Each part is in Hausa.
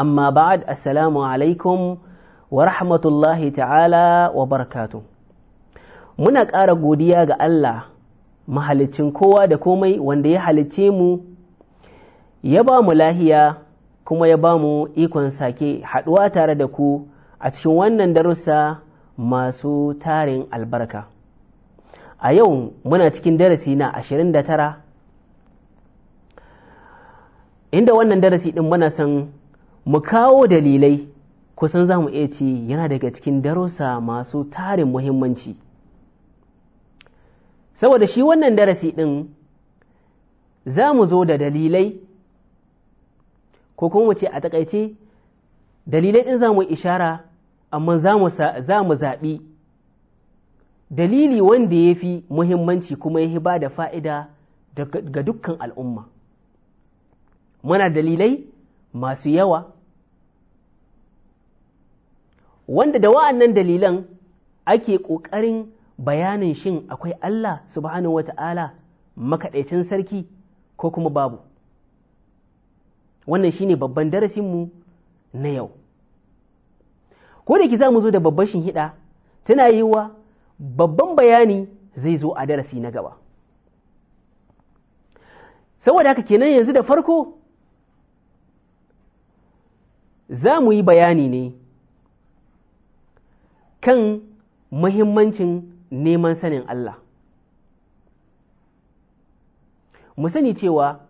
amma ba'ad assalamu alaikum wa rahmatullahi ta'ala wa barakatu muna ƙara godiya ga Allah mahalicin kowa da komai wanda ya halicce mu ya ba mu lahiya kuma ya ba mu ikon sake haɗuwa tare da ku a cikin wannan darussa masu tarin albarka a yau muna cikin darasi na 29 inda wannan darasi ɗin muna son mu kawo dalilai kusan za mu iya ce yana daga cikin darussa masu tarin muhimmanci saboda shi wannan darasi ɗin za mu zo da dalilai ko kuma mu ce a takaice dalilai ɗin za mu ishara amma za mu zaɓi dalili wanda ya fi muhimmanci kuma ya ba da fa'ida ga dukkan al'umma muna dalilai masu yawa wanda da wa'annan dalilan ake ƙoƙarin bayanin shin akwai Allah subhanahu wata'ala makaɗaicin sarki ko kuma babu wannan shine babban darasin mu na yau ko da ki za mu zo da babban shinhiɗa tana yiwa babban bayani zai zo a darasi na gaba saboda haka kenan yanzu da farko za mu yi bayani ne kan muhimmancin neman sanin Allah. Mu sani cewa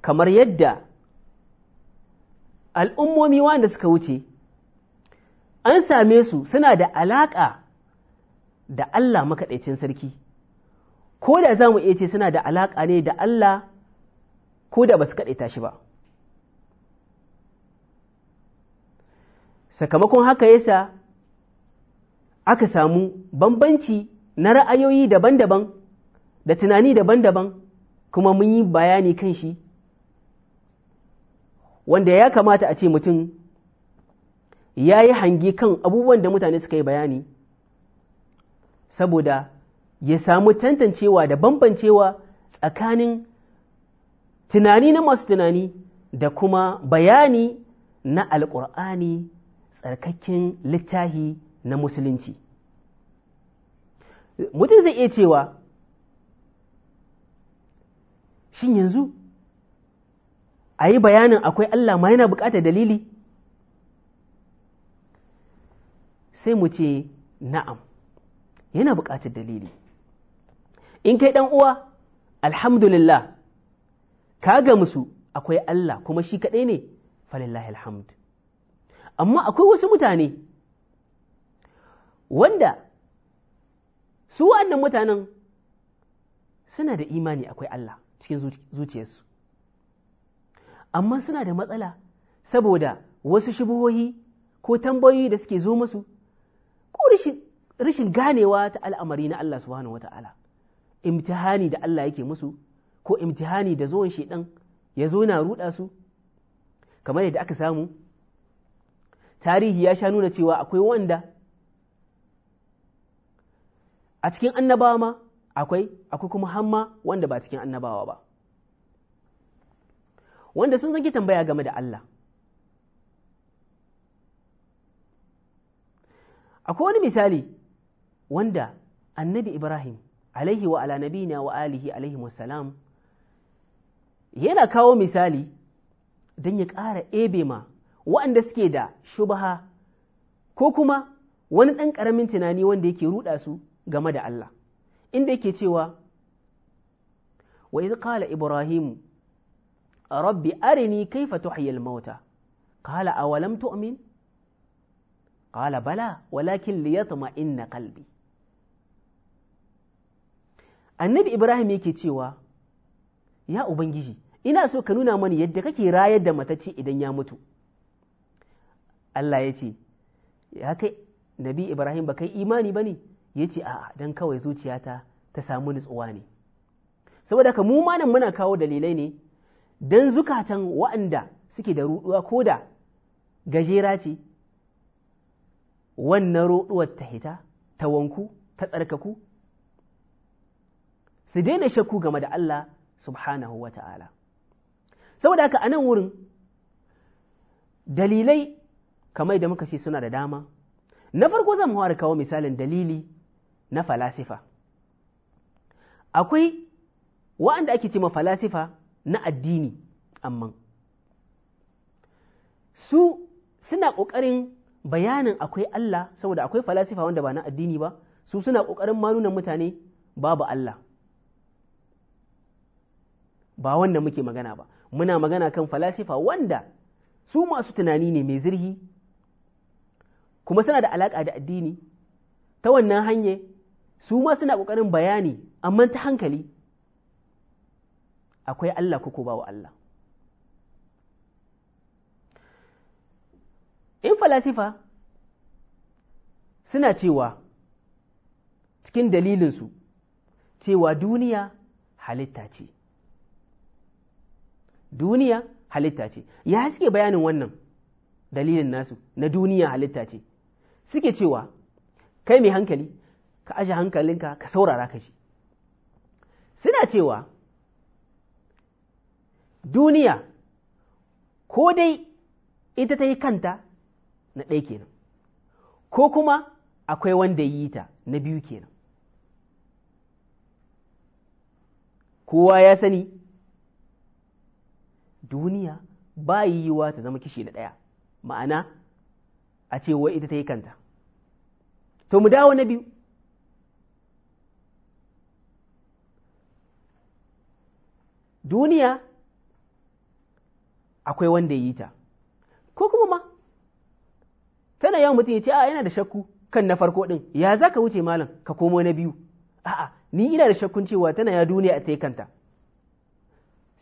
kamar yadda al'ummomi wanda suka wuce, an same su suna da alaƙa da Allah makaɗaicin sarki, ko da za mu iya ce suna da alaƙa ne da Allah ko da ba su kaɗaita shi ba. sakamakon haka yasa aka samu bambanci na ra'ayoyi daban-daban da tunani daban-daban kuma mun yi bayani kan shi wanda ya kamata a ce mutum ya yi hangi kan abubuwan da mutane suka yi bayani saboda ya samu tantancewa da bambancewa tsakanin tunani na masu tunani da kuma bayani na alƙur'ani tsarkakken littahi na musulunci mutum zai iya cewa shin yanzu a yi bayanin akwai Allah ma yana buƙatar dalili sai mu ce na'am yana bukatar dalili in kai ɗan uwa alhamdulillah ka ga musu akwai Allah kuma shi kaɗai ne falillahi alhamdu amma akwai wasu mutane wanda su wa'annan mutanen suna da imani akwai Allah cikin zuciyarsu amma suna da matsala saboda wasu shubuhohi ko tambayoyi da suke zo musu ko rashin ganewa ta al'amari na Allah subhanahu wa ta'ala imtihani da Allah yake musu ko imtihani da zuwan shaidan ya zo na ruɗa su kamar yadda aka samu tarihi ya sha nuna cewa akwai wanda a cikin annabawa ma akwai akwai kuma hamma wanda ba cikin annabawa ba wanda sun zanki tambaya game da Allah akwai wani misali wanda annabi Ibrahim alaihi wa ala nabina wa alihi alaihi wasalam yana kawo misali don ya ƙara ebe ma waɗanda suke da shubaha ko kuma wani ɗan ƙaramin tunani wanda yake ruɗa su game da Allah inda yake cewa wa idh qala ibrahimu rabbi arini kaifa tuhyi al-mauta qala awalam tu'min qala bala walakin liyatma'inna qalbi annabi ibrahim yake cewa ya ubangiji ina so ka nuna mani yadda kake rayar da matacce idan ya mutu Allah ya ce ya kai nabi Ibrahim ba kai imani ba ne ya ce a'a don kawai zuciyata ta samu nutsuwa ne saboda ka mu manan muna kawo dalilai ne don zukatan waɗanda suke da ruɗuwa ko da gajera ce wannan ruɗuwar ta hita ta wanku ta tsarkaku su daina shakku game da Allah subhanahu wa ta'ala saboda haka a nan wurin dalilai kamar da muka ce suna da dama na farko zan fara kawo misalin dalili na falasifa akwai wa'anda ake ce ma falasifa na addini amma. su suna ƙoƙarin bayanin akwai Allah saboda akwai falasifa wanda ba na addini ba su suna ƙoƙarin manunan mutane babu Allah ba wanda muke magana ba muna magana kan falasifa wanda su masu tunani ne mai zirhi kuma suna da alaƙa da addini ta wannan hanye su ma suna ƙoƙarin bayani amma ta hankali akwai Allah ko, ba wa Allah in falasifa suna cewa cikin dalilinsu cewa duniya halitta ce duniya halitta ce ya suke bayanin wannan dalilin nasu na duniya halitta ce suke cewa kai mai hankali ka aje hankalinka ka saurara ka ji suna cewa duniya ko dai ita ta yi kanta na ɗaya kenan ko kuma akwai wanda yi ta na biyu kenan kowa ya sani duniya ba yiwuwa ta zama kishi na ɗaya ma'ana a ce wai ita ta yi kanta to mu dawo na biyu duniya akwai wanda yi ta ko kuma ma tana yawan mutum ya ce a yana da shakku kan na farko ɗin ya za ka wuce malam ka komo na biyu a'a ni ina da shakkun cewa tana ya duniya a ta kanta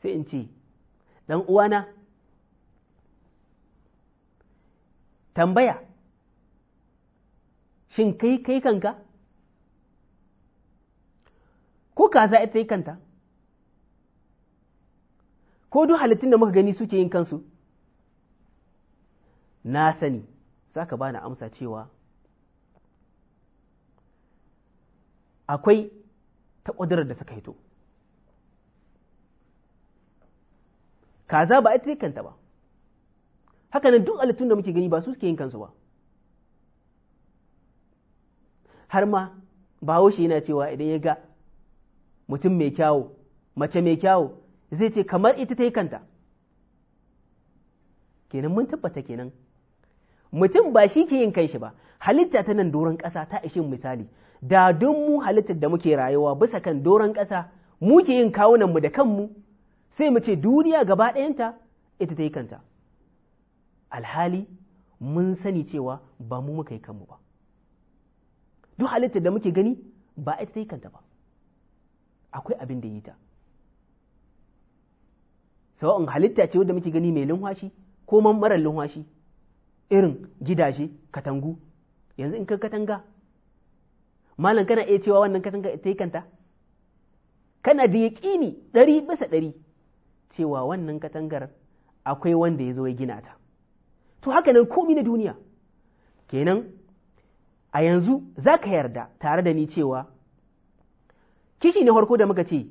sai in ce ɗan uwana tambaya shin kai kai kanka ko kaza ita yi kanta ko duk halittun da muka gani suke yin kansu na sani za ka bani amsa cewa akwai ta ƙudurar da suka hito kaza ba ita kanta ba haka nan duk halittun da muke gani ba su suke yin kansu ba har ma bahaushe yana cewa idan ya ga mutum mai kyawo mace mai kyawo zai ce kamar ita ta yi kanta kenan mun tabbata kenan mutum ba shi ke yin kanshi ba halitta ta nan doron kasa ta ishe misali da don mu halittar da muke rayuwa bisa kan doron kasa mu ke yin kawunanmu da kanmu sai mu ce duniya gaba ɗayanta ita ta yi kanta alhali mun sani cewa ba mu muka yi kanmu ba duk halittar da muke gani ba ita ta yi kanta ba akwai abin da yi ta sawa'un halitta ce wadda muke gani mai lunwashi ko man marar irin gidaje katangu yanzu in ka katanga malam kana iya cewa wannan katanga ta yi kanta kana da yaƙini ɗari bisa ɗari cewa wannan katangar akwai wanda ya zo ya gina ta to haka nan komi na duniya kenan a yanzu za ka yarda tare da ni cewa kishi na farko da muka ce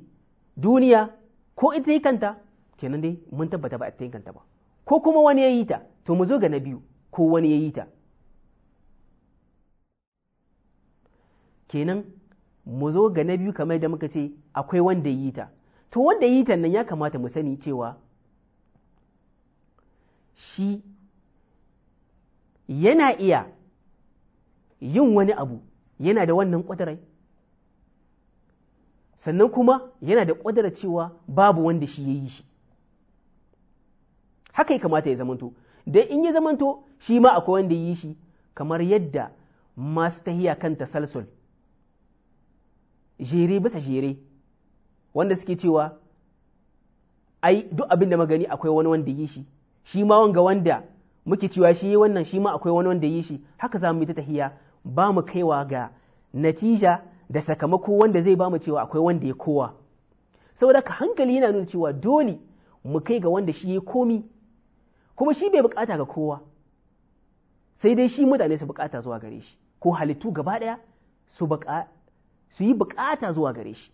duniya ko ita yi kanta kenan dai mun tabbata ba ita yi kanta ba ko kuma wani ya yi ta to mu zo ga na biyu ko wani ya yi ta kenan mu zo ga na biyu kamar da muka ce akwai wanda ya yi ta to wanda ya yi ta nan ya kamata mu sani cewa shi yana iya yin wani abu yana da wannan ƙudurai sannan kuma yana da ƙudura cewa babu wanda shi ya yi shi haka ya kamata ya zamanto don in ya zamanto shi ma akwai wanda ya yi shi kamar yadda masu tahiya kan tasalsul jere bisa jere wanda suke cewa ai duk abin da magani akwai wani wanda yi shi shi ma wanga wanda muke cewa shi wannan shi ma akwai wani wanda yi shi haka za mu yi ta tahiya ba mu kaiwa ga natija da sakamako wanda zai ba mu cewa akwai wanda ya kowa saboda ka hankali yana nuna cewa dole mu kai ga wanda shi ya komi kuma shi bai bukata ga kowa sai dai shi mutane su bukata zuwa gare shi ko halittu gaba ɗaya su yi bukata zuwa gare shi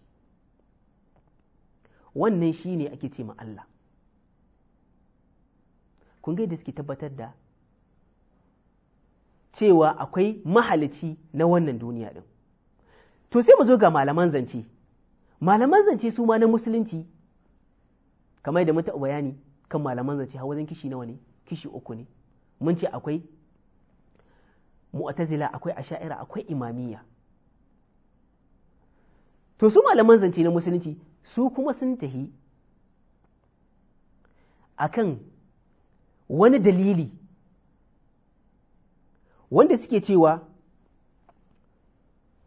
wannan shi ne ake ce ma Allah kun gaida suke tabbatar da cewa akwai mahalici na wannan duniya ɗin to sai mu zo ga malaman zance malaman zance su ma na musulunci kamar da mutu bayani kan malaman zance hawa wajen kishi nawa ne kishi uku ne mun ce akwai mu'tazila akwai asha'ira akwai imamiya to su malaman zance na musulunci su kuma sun tahi akan wani dalili wanda suke cewa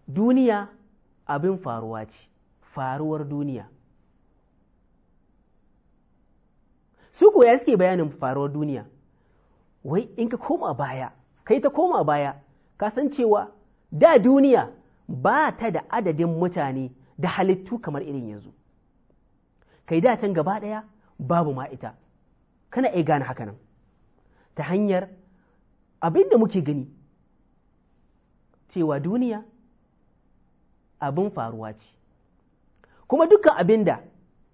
duniya abin faruwa ce faruwar duniya su koya suke bayanin faruwar duniya wai in ka koma baya kai ta koma baya ka san cewa da duniya ba ta da adadin mutane da halittu kamar irin yanzu kai da can gaba ɗaya babu ma ita kana iya gane haka nan ta hanyar abin da muke gani cewa duniya abin faruwa ce kuma dukkan abin da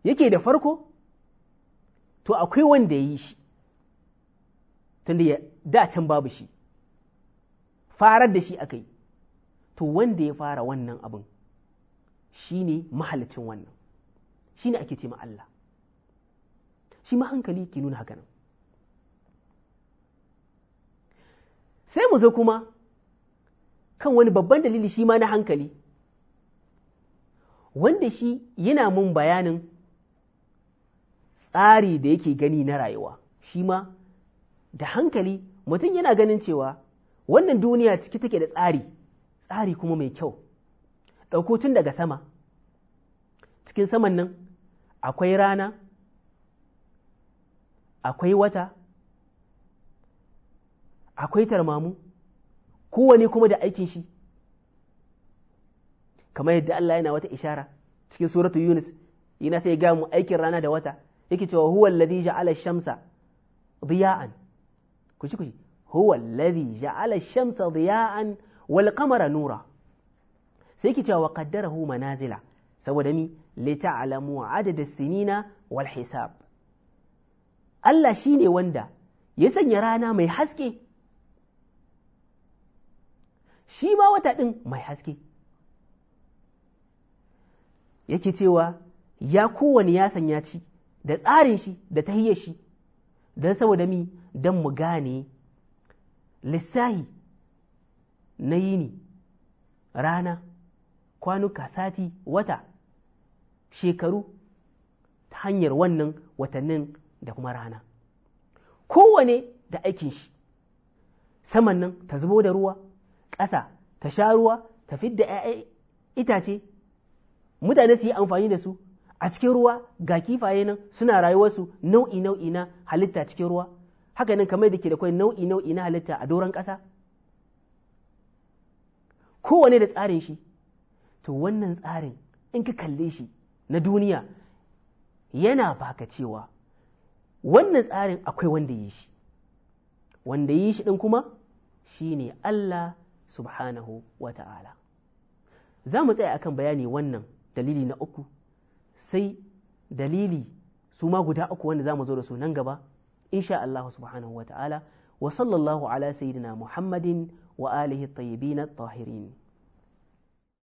yake da farko to akwai wanda ya yi shi tunda da can babu shi farar da shi akai to wanda ya fara wannan abin shine ne mahalicin wannan shine ake ce ma Allah shi ma hankali ke nuna haka nan sai mu zo kuma kan wani babban dalili shi ma na hankali wanda shi yana mun bayanin tsari da yake gani na rayuwa shi ma da hankali mutum yana ganin cewa wannan duniya ciki take da tsari tsari kuma mai kyau ɗauko tun daga sama cikin saman nan akwai rana akwai wata akwai tarmamu kowane kuma da aikin shi kamar yadda Allah yana wata ishara cikin suratu Yunus yana sai gamu mu aikin rana da wata yake cewa huwa alladhi ja'ala shamsa diya'an kuci kuci huwa alladhi ja'ala shamsa diya'an wal qamara nura sai yake cewa qaddarahu manazila saboda ni li ta'lamu adada sinina wal hisab Allah shine wanda ya sanya rana mai haske shi ma wata ɗin mai haske yake cewa ya kowane ya sanya ci da tsarin shi da tahiyar shi don saboda mi don mu gane lissahi na yini rana kwanuka sati wata shekaru ta hanyar wannan watannin da kuma rana kowane da aikin shi saman nan ta zubo da ruwa ƙasa ta sha ruwa ta fidda ‘ya'ya itace mutane su yi amfani da su a cikin ruwa ga kifaye nan suna rayuwarsu nau'i nau'i na halitta cikin ruwa haka nan kamar da ke da kwai nau'i nau'i na halitta a doron ƙasa kowane da tsarin shi to wannan tsarin in ka kalle shi na duniya yana baka cewa wannan tsarin akwai wanda yi shi wanda yi shi ɗin kuma shi ne Allah subhanahu wa ta'ala za mu tsaya akan bayani wannan dalili na uku sai dalili su ma guda uku wanda za mu zo da su nan gaba insha Allah subhanahu wa ta'ala wa sallallahu ala sayyidina Muhammadin wa alihi tayyibin at-tahirin